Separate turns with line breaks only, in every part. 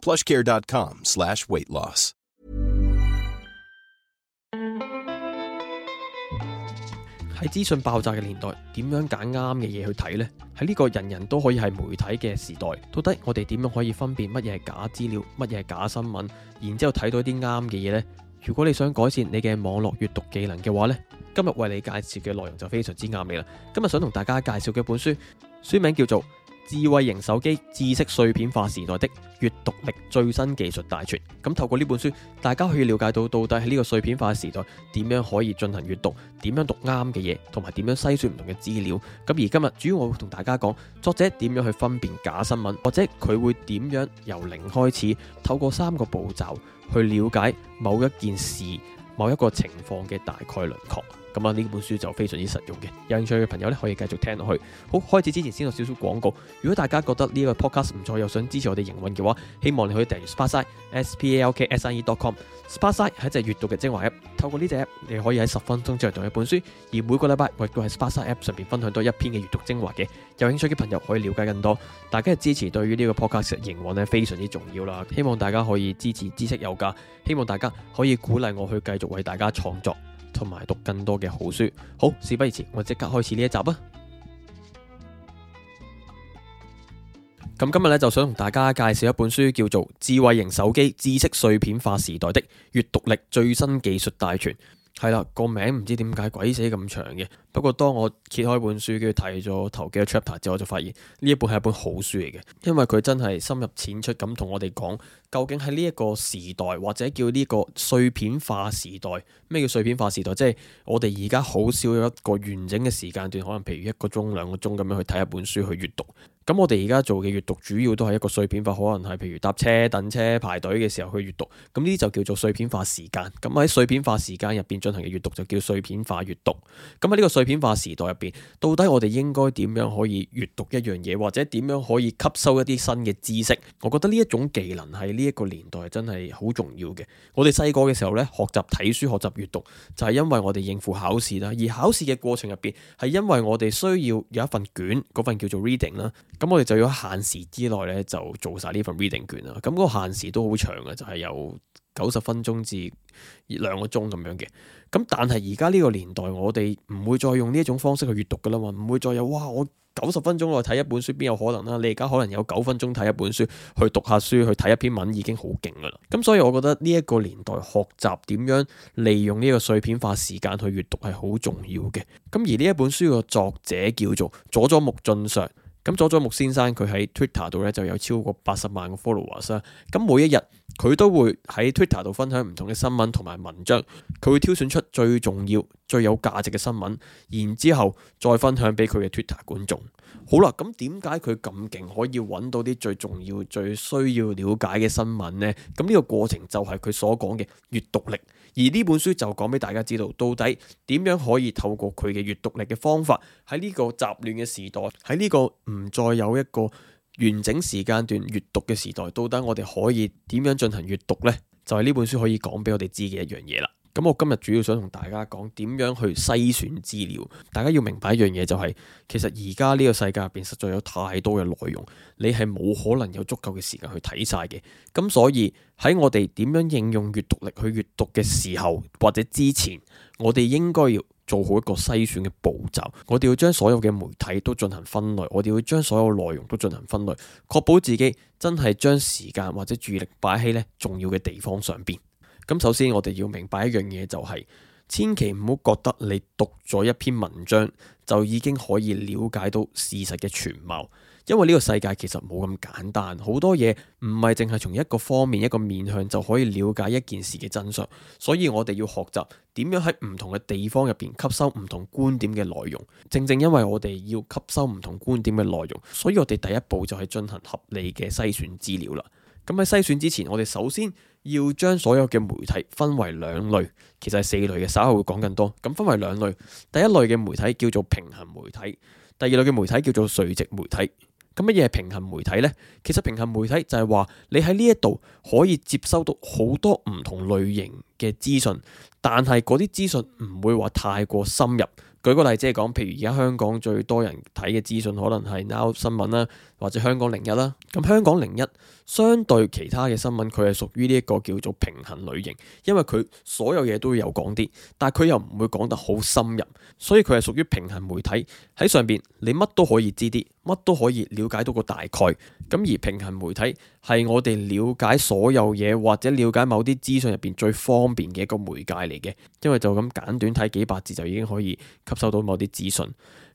Plushcare.com/slash/weightloss。喺資訊爆炸嘅年代，點樣揀啱嘅嘢去睇呢？喺呢個人人都可以係媒體嘅時代，到底我哋點樣可以分辨乜嘢係假資料、乜嘢係假新聞？然之後睇到啲啱嘅嘢呢？如果你想改善你嘅網絡閱讀技能嘅話呢，今日為你介紹嘅內容就非常之啱你啦。今日想同大家介紹嘅本書，書名叫做。智慧型手機知識碎片化時代的閱讀力最新技術大全。咁透過呢本書，大家可以了解到到底喺呢個碎片化時代點樣可以進行閱讀，點樣讀啱嘅嘢，同埋點樣篩選唔同嘅資料。咁而今日主要我會同大家講作者點樣去分辨假新聞，或者佢會點樣由零開始，透過三個步驟去了解某一件事、某一個情況嘅大概輪廓。咁啊，呢本書就非常之實用嘅，有興趣嘅朋友咧可以繼續聽落去。好，開始之前先有少少廣告。如果大家覺得呢一個 podcast 唔錯，又想支持我哋營運嘅話，希望你可以訂閱 Sparksine、Sparksine dot com。Sparksine 係一隻閲讀嘅精華 App，透過呢隻 App 你可以喺十分鐘之內讀一本書。而每個禮拜我會喺 Sparksine App 上邊分享多一篇嘅閲讀精華嘅。有興趣嘅朋友可以了解更多。大家嘅支持對於呢個 podcast 營運呢非常之重要啦。希望大家可以支持知識有價，希望大家可以鼓勵我去繼續為大家創作。同埋讀更多嘅好書，好事不宜遲，我即刻開始呢一集啊！咁 今日咧就想同大家介紹一本書，叫做《智慧型手機知識碎片化時代的閱讀力最新技術大全》。係，啦，個名唔知點解鬼死咁長嘅。不過當我揭開本書跟住睇咗頭幾個 chapter 之後，我就發現呢一本係一本好書嚟嘅，因為佢真係深入淺出咁同我哋講究竟喺呢一個時代或者叫呢個碎片化時代，咩叫碎片化時代？即係我哋而家好少有一個完整嘅時間段，可能譬如一個鐘兩個鐘咁樣去睇一本書去閱讀。咁我哋而家做嘅閱讀主要都係一個碎片化，可能係譬如搭車、等車、排隊嘅時候去閱讀，咁呢啲就叫做碎片化時間。咁喺碎片化時間入邊進行嘅閱讀就叫碎片化閱讀。咁喺呢個碎片化時代入邊，到底我哋應該點樣可以閱讀一樣嘢，或者點樣可以吸收一啲新嘅知識？我覺得呢一種技能喺呢一個年代真係好重要嘅。我哋細個嘅時候呢，學習睇書、學習、學習閱讀，就係、是、因為我哋應付考試啦。而考試嘅過程入邊，係因為我哋需要有一份卷，嗰份叫做 reading 啦。咁我哋就要限時之內咧，就做晒呢份 reading 卷啦。咁嗰個限時都好長嘅，就係、是、有九十分鐘至兩個鐘咁樣嘅。咁但係而家呢個年代，我哋唔會再用呢一種方式去閱讀噶啦嘛，唔會再有哇，我九十分鐘內睇一本書，邊有可能啦、啊？你而家可能有九分鐘睇一本書，去讀下書，去睇一篇文，已經好勁噶啦。咁所以我覺得呢一個年代學習點樣利用呢個碎片化時間去閱讀係好重要嘅。咁而呢一本書嘅作者叫做佐佐木俊尚。左左咁佐佐木先生佢喺 Twitter 度咧就有超過八十萬個 followers 啦，咁每一日。佢都會喺 Twitter 度分享唔同嘅新聞同埋文章，佢會挑選出最重要、最有價值嘅新聞，然之後再分享俾佢嘅 Twitter 觀眾。好啦，咁點解佢咁勁可以揾到啲最重要、最需要了解嘅新聞呢？咁呢個過程就係佢所講嘅閱讀力，而呢本書就講俾大家知道到底點樣可以透過佢嘅閱讀力嘅方法，喺呢個雜亂嘅時代，喺呢個唔再有一個。完整時間段閱讀嘅時代，到底我哋可以點樣進行閱讀呢？就係呢本書可以講俾我哋知嘅一樣嘢啦。咁我今日主要想同大家講點樣去篩選資料。大家要明白一樣嘢，就係其實而家呢個世界入邊實在有太多嘅內容，你係冇可能有足夠嘅時間去睇晒嘅。咁所以喺我哋點樣應用閱讀力去閱讀嘅時候，或者之前，我哋應該要，做好一個篩選嘅步驟，我哋要將所有嘅媒體都進行分類，我哋要將所有內容都進行分類，確保自己真係將時間或者注意力擺喺呢重要嘅地方上邊。咁首先我哋要明白一樣嘢，就係，就係千祈唔好覺得你讀咗一篇文章就已經可以了解到事實嘅全貌。因為呢個世界其實冇咁簡單，好多嘢唔係淨係從一個方面一個面向就可以了解一件事嘅真相。所以我哋要學習點樣喺唔同嘅地方入邊吸收唔同觀點嘅內容。正正因為我哋要吸收唔同觀點嘅內容，所以我哋第一步就係進行合理嘅篩選資料啦。咁喺篩選之前，我哋首先要將所有嘅媒體分為兩類，其實係四類嘅，稍後會講更多。咁分為兩類，第一類嘅媒體叫做平衡媒體，第二類嘅媒體叫做垂直媒體。咁乜嘢係平衡媒體呢？其實平衡媒體就係話你喺呢一度可以接收到好多唔同類型嘅資訊，但係嗰啲資訊唔會話太過深入。舉個例，即係講，譬如而家香港最多人睇嘅資訊可能係 Now 新聞啦，或者香港零一啦。咁香港零一相對其他嘅新聞，佢係屬於呢一個叫做平衡類型，因為佢所有嘢都要有講啲，但係佢又唔會講得好深入，所以佢係屬於平衡媒體喺上邊，你乜都可以知啲。乜都可以了解到個大概咁，而平衡媒體係我哋了解所有嘢或者了解某啲資訊入邊最方便嘅一個媒介嚟嘅，因為就咁簡短睇幾百字就已經可以吸收到某啲資訊。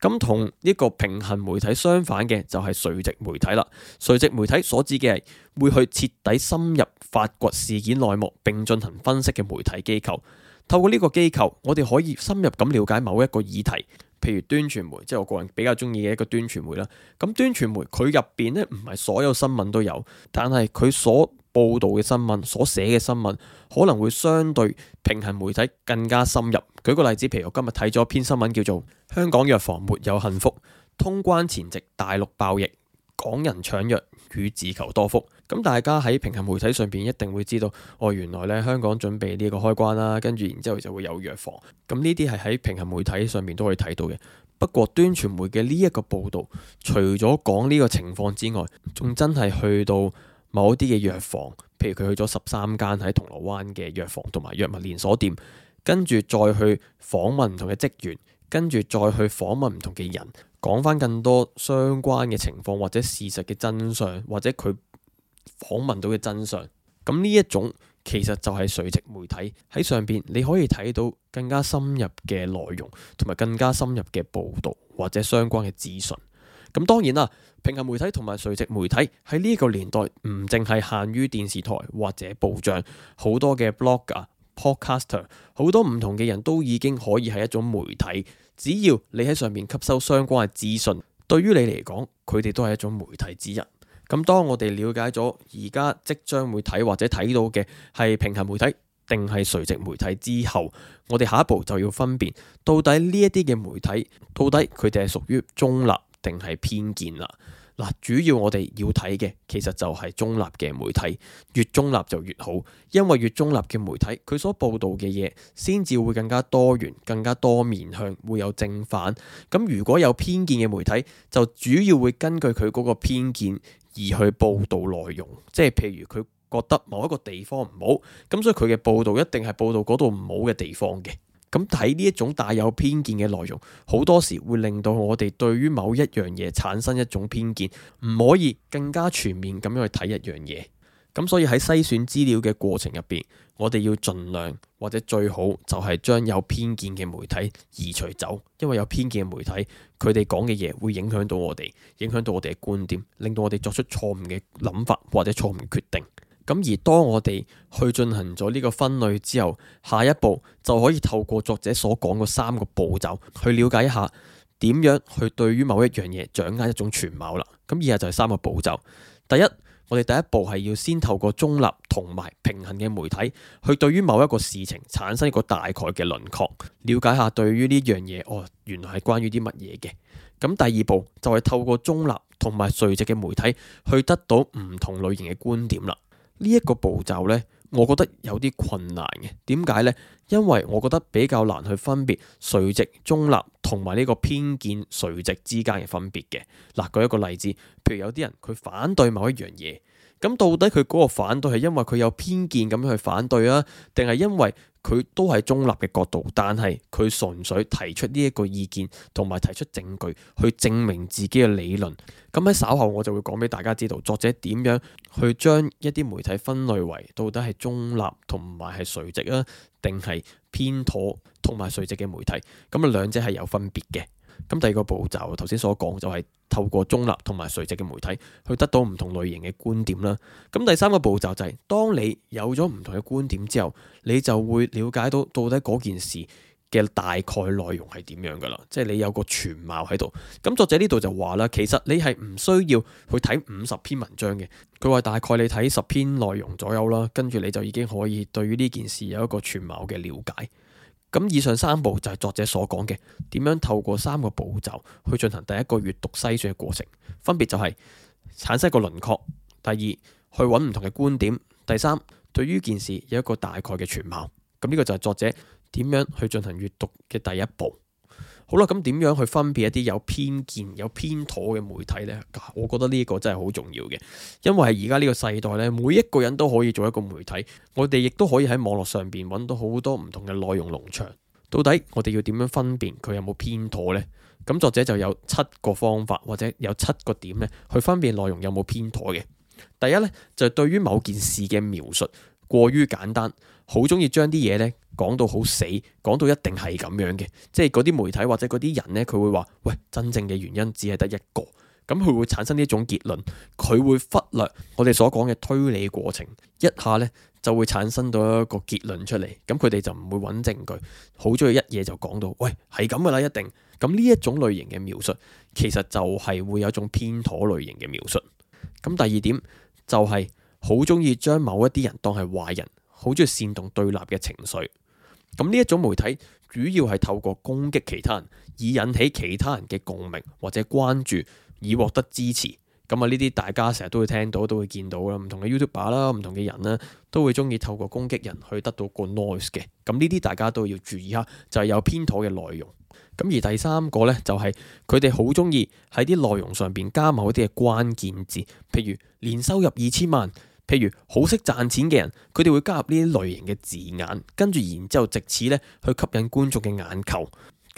咁同呢個平衡媒體相反嘅就係垂直媒體啦。垂直媒體所指嘅係會去徹底深入發掘事件內幕，並進行分析嘅媒體機構。透過呢個機構，我哋可以深入咁了解某一個議題，譬如端傳媒，即係我個人比較中意嘅一個端傳媒啦。咁端傳媒佢入邊呢唔係所有新聞都有，但係佢所報導嘅新聞、所寫嘅新聞，可能會相對平衡媒體更加深入。舉個例子，譬如我今日睇咗篇新聞，叫做《香港藥房沒有幸福》，通關前夕大陸爆疫，港人搶藥。佢自求多福，咁大家喺平衡媒體上邊一定會知道，哦，原來咧香港準備呢個開關啦，跟住然之後就會有藥房，咁呢啲係喺平衡媒體上面都可以睇到嘅。不過端傳媒嘅呢一個報道，除咗講呢個情況之外，仲真係去到某一啲嘅藥房，譬如佢去咗十三間喺銅鑼灣嘅藥房同埋藥物連鎖店，跟住再去訪問唔同嘅職員，跟住再去訪問唔同嘅人。講翻更多相關嘅情況或者事實嘅真相，或者佢訪問到嘅真相。咁呢一種其實就係垂直媒體喺上邊，你可以睇到更加深入嘅內容同埋更加深入嘅報道或者相關嘅資訊。咁當然啦，平衡媒體同埋垂直媒體喺呢個年代唔淨係限於電視台或者報章，好多嘅 blog 啊。Podcaster 好多唔同嘅人都已經可以係一種媒體，只要你喺上面吸收相關嘅資訊，對於你嚟講，佢哋都係一種媒體之一。咁當我哋了解咗而家即將會睇或者睇到嘅係平行媒體定係垂直媒體之後，我哋下一步就要分辨到底呢一啲嘅媒體到底佢哋係屬於中立定係偏見啦。嗱，主要我哋要睇嘅，其實就係中立嘅媒體，越中立就越好，因為越中立嘅媒體，佢所報道嘅嘢先至會更加多元、更加多面向，會有正反。咁如果有偏見嘅媒體，就主要會根據佢嗰個偏見而去報道內容，即係譬如佢覺得某一個地方唔好，咁所以佢嘅報道一定係報道嗰度唔好嘅地方嘅。咁睇呢一種帶有偏見嘅內容，好多時會令到我哋對於某一樣嘢產生一種偏見，唔可以更加全面咁樣去睇一樣嘢。咁所以喺篩選資料嘅過程入邊，我哋要盡量或者最好就係將有偏見嘅媒體移除走，因為有偏見嘅媒體，佢哋講嘅嘢會影響到我哋，影響到我哋嘅觀點，令到我哋作出錯誤嘅諗法或者錯誤決定。咁而，當我哋去進行咗呢個分類之後，下一步就可以透過作者所講嘅三個步驟去了解一下點樣去對於某一樣嘢掌握一種全貌啦。咁，以下就係三個步驟。第一，我哋第一步係要先透過中立同埋平衡嘅媒體去對於某一個事情產生一個大概嘅輪廓，了解下對於呢樣嘢哦，原來係關於啲乜嘢嘅。咁第二步就係透過中立同埋垂直嘅媒體去得到唔同類型嘅觀點啦。呢一個步驟呢，我覺得有啲困難嘅。點解呢？因為我覺得比較難去分別垂直、中立同埋呢個偏見垂直之間嘅分別嘅。嗱，舉一個例子，譬如有啲人佢反對某一樣嘢，咁到底佢嗰個反對係因為佢有偏見咁樣去反對啊，定係因為？佢都係中立嘅角度，但係佢純粹提出呢一個意見，同埋提出證據去證明自己嘅理論。咁喺稍後我就會講俾大家知道作者點樣去將一啲媒體分類為到底係中立同埋係垂直啊，定係偏妥同埋垂直嘅媒體。咁啊，兩者係有分別嘅。咁第二個步驟，頭先所講就係透過中立同埋垂直嘅媒體，去得到唔同類型嘅觀點啦。咁第三個步驟就係，當你有咗唔同嘅觀點之後，你就會了解到到底嗰件事嘅大概內容係點樣噶啦，即係你有個全貌喺度。咁作者呢度就話啦，其實你係唔需要去睇五十篇文章嘅，佢話大概你睇十篇內容左右啦，跟住你就已經可以對於呢件事有一個全貌嘅了解。咁以上三步就係作者所講嘅，點樣透過三個步驟去進行第一個閱讀篩選嘅過程，分別就係、是、產生一個輪廓，第二，去揾唔同嘅觀點，第三，對於件事有一個大概嘅全貌。咁、這、呢個就係作者點樣去進行閱讀嘅第一步。好啦，咁點樣去分辨一啲有偏見、有偏妥嘅媒體呢？我覺得呢個真係好重要嘅，因為係而家呢個世代呢，每一個人都可以做一個媒體，我哋亦都可以喺網絡上邊揾到好多唔同嘅內容農場。到底我哋要點樣分辨佢有冇偏妥呢？咁作者就有七個方法或者有七個點呢去分辨內容有冇偏妥嘅。第一呢，就係對於某件事嘅描述過於簡單，好中意將啲嘢呢。講到好死，講到一定係咁樣嘅，即係嗰啲媒體或者嗰啲人呢，佢會話喂，真正嘅原因只係得一個，咁佢會產生呢一種結論，佢會忽略我哋所講嘅推理過程，一下呢就會產生到一個結論出嚟，咁佢哋就唔會揾證據，好中意一嘢就講到喂，係咁噶啦，一定。咁呢一種類型嘅描述，其實就係會有一種偏妥類型嘅描述。咁第二點就係好中意將某一啲人當係壞人，好中意煽動對立嘅情緒。咁呢一種媒體主要係透過攻擊其他人，以引起其他人嘅共鳴或者關注，以獲得支持。咁啊，呢啲大家成日都會聽到，都會見到啦。唔同嘅 YouTuber 啦，唔同嘅人咧，都會鍾意透過攻擊人去得到個 noise 嘅。咁呢啲大家都要注意下，就係、是、有偏妥嘅內容。咁而第三個呢、就是，就係佢哋好鍾意喺啲內容上邊加某一啲嘅關鍵字，譬如年收入二千萬。譬如好識賺錢嘅人，佢哋會加入呢啲類型嘅字眼，跟住然之後借此咧去吸引觀眾嘅眼球。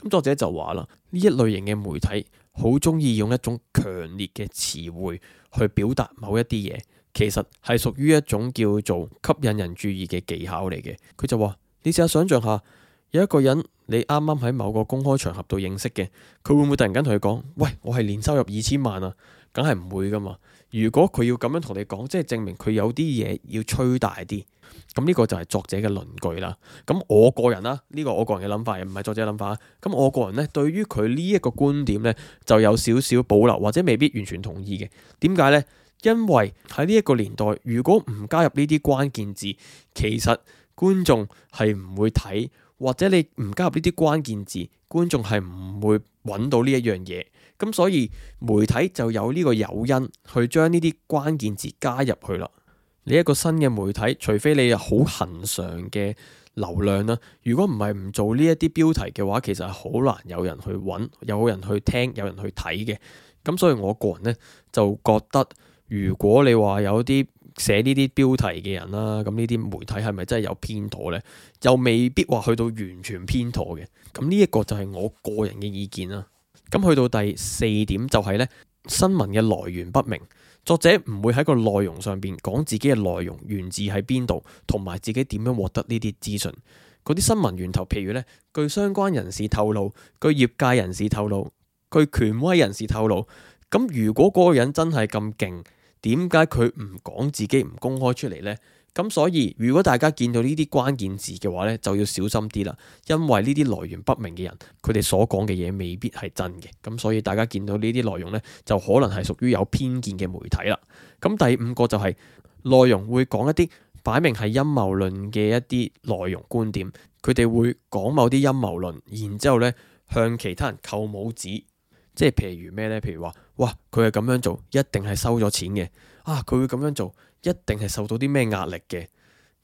咁作者就話啦，呢一類型嘅媒體好中意用一種強烈嘅詞彙去表達某一啲嘢，其實係屬於一種叫做吸引人注意嘅技巧嚟嘅。佢就話：「你試下想象下，有一個人你啱啱喺某個公開場合度認識嘅，佢會唔會突然間同你講：「喂，我係年收入二千萬啊？」」梗係唔會噶嘛？如果佢要咁樣同你講，即係證明佢有啲嘢,要吹大啲，咁呢個就係作者嘅論據啦。咁我個人啦，呢個我個人嘅諗法，又唔係作者諗法啊。咁我個人呢，對於佢呢一個觀點呢，就有少少保留或者未必完全同意嘅。點解呢？因為喺呢一個年代，如果唔加入呢啲關鍵字，其實觀眾係唔會睇。或者你唔加入呢啲關鍵字，觀眾係唔會揾到呢一樣嘢。咁所以媒體就有呢個誘因去將呢啲關鍵字加入去啦。你一個新嘅媒體，除非你有好恒常嘅流量啦，如果唔係唔做呢一啲標題嘅話，其實係好難有人去揾、有人去聽、有人去睇嘅。咁所以我個人呢，就覺得，如果你話有啲，寫呢啲標題嘅人啦，咁呢啲媒體係咪真係有偏妥呢？又未必話去到完全偏妥嘅。咁呢一個就係我個人嘅意見啦。咁去到第四點就係呢，新聞嘅來源不明，作者唔會喺個內容上邊講自己嘅內容源自喺邊度，同埋自己點樣獲得呢啲資訊。嗰啲新聞源頭，譬如呢，據相關人士透露，據業界人士透露，據權威人士透露，咁如果嗰個人真係咁勁。點解佢唔講自己唔公開出嚟呢？咁所以如果大家見到呢啲關鍵字嘅話呢，就要小心啲啦，因為呢啲來源不明嘅人，佢哋所講嘅嘢未必係真嘅。咁所以大家見到呢啲內容呢，就可能係屬於有偏見嘅媒體啦。咁第五個就係內容會講一啲擺明係陰謀論嘅一啲內容觀點，佢哋會講某啲陰謀論，然之後呢，向其他人扣帽子，即係譬如咩呢？譬如話。哇！佢係咁樣做，一定係收咗錢嘅。啊，佢會咁樣做，一定係受到啲咩壓力嘅。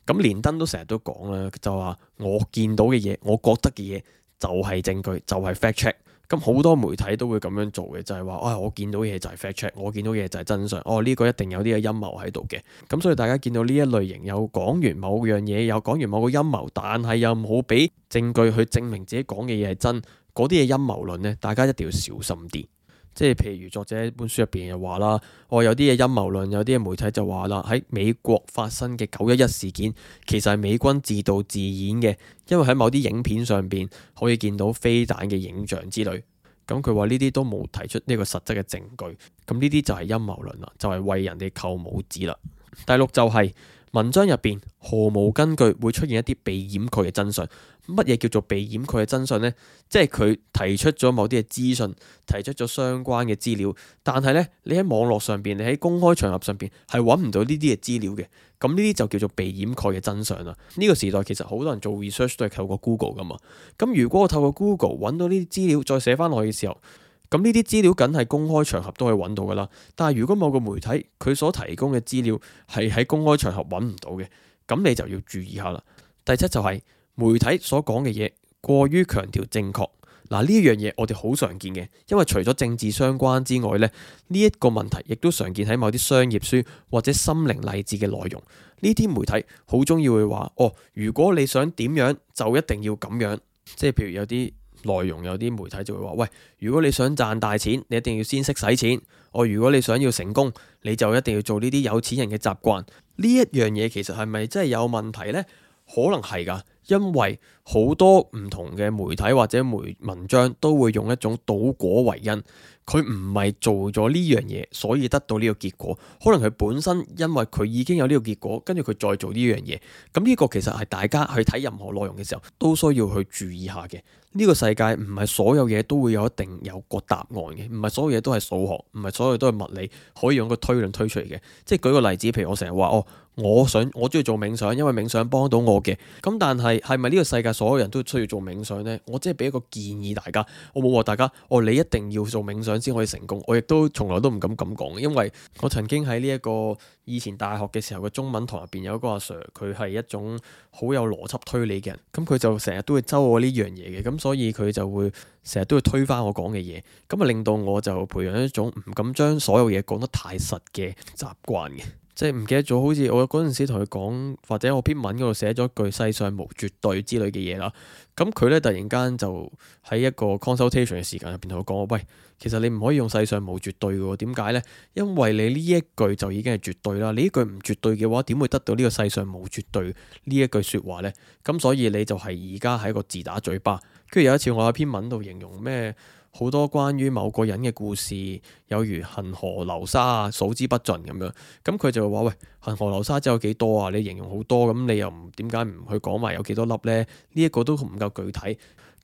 咁連登都成日都講啦，就話我見到嘅嘢，我覺得嘅嘢就係證據，就係 fact check。咁好多媒體都會咁樣做嘅，就係話啊，我見到嘅嘢就係 fact check，我見到嘅嘢就係真相。哦，呢個一定有啲嘅陰謀喺度嘅。咁所以大家見到呢一類型有講完某樣嘢，有講完某個陰謀，但係又唔好俾證據去證明自己講嘅嘢係真，嗰啲嘢陰謀論呢，大家一定要小心啲。即係譬如作者本書入邊就話啦，我有啲嘢陰謀論，有啲嘢媒體就話啦，喺美國發生嘅九一一事件其實係美軍自導自演嘅，因為喺某啲影片上邊可以見到飛彈嘅影像之類。咁佢話呢啲都冇提出呢個實質嘅證據。咁呢啲就係陰謀論啦，就係、是、為人哋扣帽子啦。第六就係、是、文章入邊毫無根據會出現一啲被掩蓋嘅真相。乜嘢叫做被掩蓋嘅真相呢？即係佢提出咗某啲嘅資訊，提出咗相關嘅資料，但係呢，你喺網絡上邊，你喺公開場合上邊係揾唔到呢啲嘅資料嘅。咁呢啲就叫做被掩蓋嘅真相啦。呢個時代其實好多人做 research 都係透過 Google 噶嘛。咁如果我透過 Google 揾到呢啲資料，再寫翻落去嘅時候，咁呢啲資料梗係公開場合都可以揾到噶啦。但係如果某個媒體佢所提供嘅資料係喺公開場合揾唔到嘅，咁你就要注意下啦。第七就係。媒體所講嘅嘢過於強調正確。嗱，呢樣嘢我哋好常見嘅，因為除咗政治相關之外咧，呢一個問題亦都常見喺某啲商業書或者心靈勵志嘅內容。呢啲媒體好中意會話哦，如果你想點樣就一定要咁樣。即係譬如有啲內容有啲媒體就會話喂，如果你想賺大錢，你一定要先識使錢哦。如果你想要成功，你就一定要做呢啲有錢人嘅習慣。呢一樣嘢其實係咪真係有問題呢？可能係㗎。因為好多唔同嘅媒體或者媒文章都會用一種倒果為因，佢唔係做咗呢樣嘢，所以得到呢個結果。可能佢本身因為佢已經有呢個結果，跟住佢再做呢樣嘢。咁呢個其實係大家去睇任何內容嘅時候，都需要去注意下嘅。呢個世界唔係所有嘢都會有一定有個答案嘅，唔係所有嘢都係數學，唔係所有都係物理可以用個推論推出嚟嘅。即係舉個例子，譬如我成日話哦。我想我中意做冥想，因為冥想幫到我嘅。咁但係係咪呢個世界所有人都需要做冥想呢？我只係俾一個建議大家，我冇話大家哦，你一定要做冥想先可以成功。我亦都從來都唔敢咁講，因為我曾經喺呢一個以前大學嘅時候嘅中文堂入邊有一個阿 Sir，佢係一種好有邏輯推理嘅人。咁佢就成日都會周我呢樣嘢嘅，咁所以佢就會成日都會推翻我講嘅嘢。咁啊令到我就培養一種唔敢將所有嘢講得太實嘅習慣嘅。即係唔記得咗，好似我嗰陣時同佢講，或者我篇文嗰度寫咗句世上無絕對之類嘅嘢啦。咁佢呢突然間就喺一個 consultation 嘅時間入邊同我講：喂，其實你唔可以用世上無絕對嘅喎，點解呢？因為你呢一句就已經係絕對啦。你呢句唔絕對嘅話，點會得到呢個世上無絕對呢一句説話呢？咁、嗯、所以你就係而家係一個自打嘴巴。跟住有一次我喺篇文度形容咩？好多關於某個人嘅故事，有如恆河流沙，數之不盡」咁樣。咁佢就會話：喂，恆河流沙只有幾多啊？你形容好多，咁你又唔點解唔去講埋有幾多粒呢？呢一個都唔夠具體。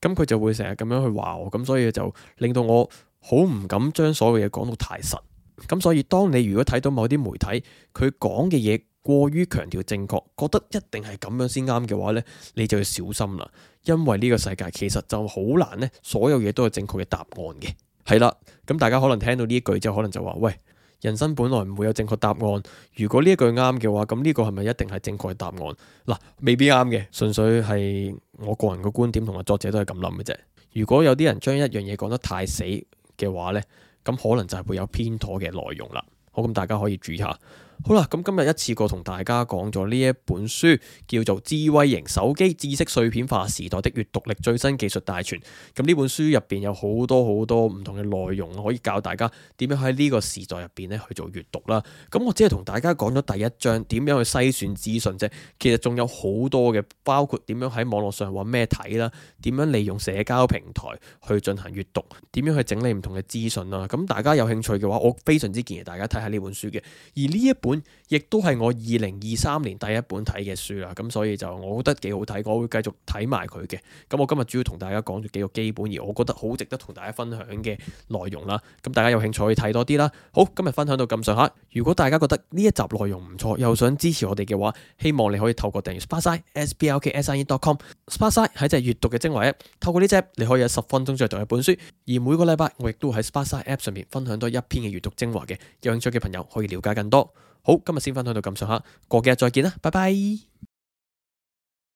咁佢就會成日咁樣去話我，咁所以就令到我好唔敢將所有嘢講到太實。咁所以，當你如果睇到某啲媒體佢講嘅嘢過於強調正確，覺得一定係咁樣先啱嘅話呢，你就要小心啦。因為呢個世界其實就好難呢，所有嘢都有正確嘅答案嘅係啦。咁大家可能聽到呢一句之後，可能就話喂，人生本來唔會有正確答案。如果呢一句啱嘅話，咁呢個係咪一定係正確嘅答案嗱？未必啱嘅，純粹係我個人嘅觀點，同埋作者都係咁諗嘅啫。如果有啲人將一樣嘢講得太死嘅話呢，咁可能就係會有偏妥嘅內容啦。好，咁大家可以注意下。好啦，咁今日一次過同大家講咗呢一本書，叫做《智慧型手機知識碎片化時代的閱讀力最新技術大全》。咁呢本書入邊有好多好多唔同嘅內容，可以教大家點樣喺呢個時代入邊咧去做閱讀啦。咁我只係同大家講咗第一章點樣去篩選資訊啫。其實仲有好多嘅，包括點樣喺網絡上揾咩睇啦，點樣利用社交平台去進行閱讀，點樣去整理唔同嘅資訊啦。咁大家有興趣嘅話，我非常之建議大家睇下呢本書嘅。而呢一本。亦都係我二零二三年第一本睇嘅書啦，咁所以就我覺得幾好睇，我會繼續睇埋佢嘅。咁我今日主要同大家講咗幾個基本而我覺得好值得同大家分享嘅內容啦。咁大家有興趣可以睇多啲啦。好，今日分享到咁上下。如果大家覺得呢一集內容唔錯，又想支持我哋嘅話，希望你可以透過訂閱 SparkSine、sparksine.com、SparkSine，係一隻閱讀嘅精華 App。透過呢隻你可以喺十分鐘之內讀一本書，而每個禮拜我亦都喺 SparkSine App 上面分享多一篇嘅閱讀精華嘅。有興趣嘅朋友可以了解更多。好，今日先分享到咁上下，過幾日再見啦，拜拜。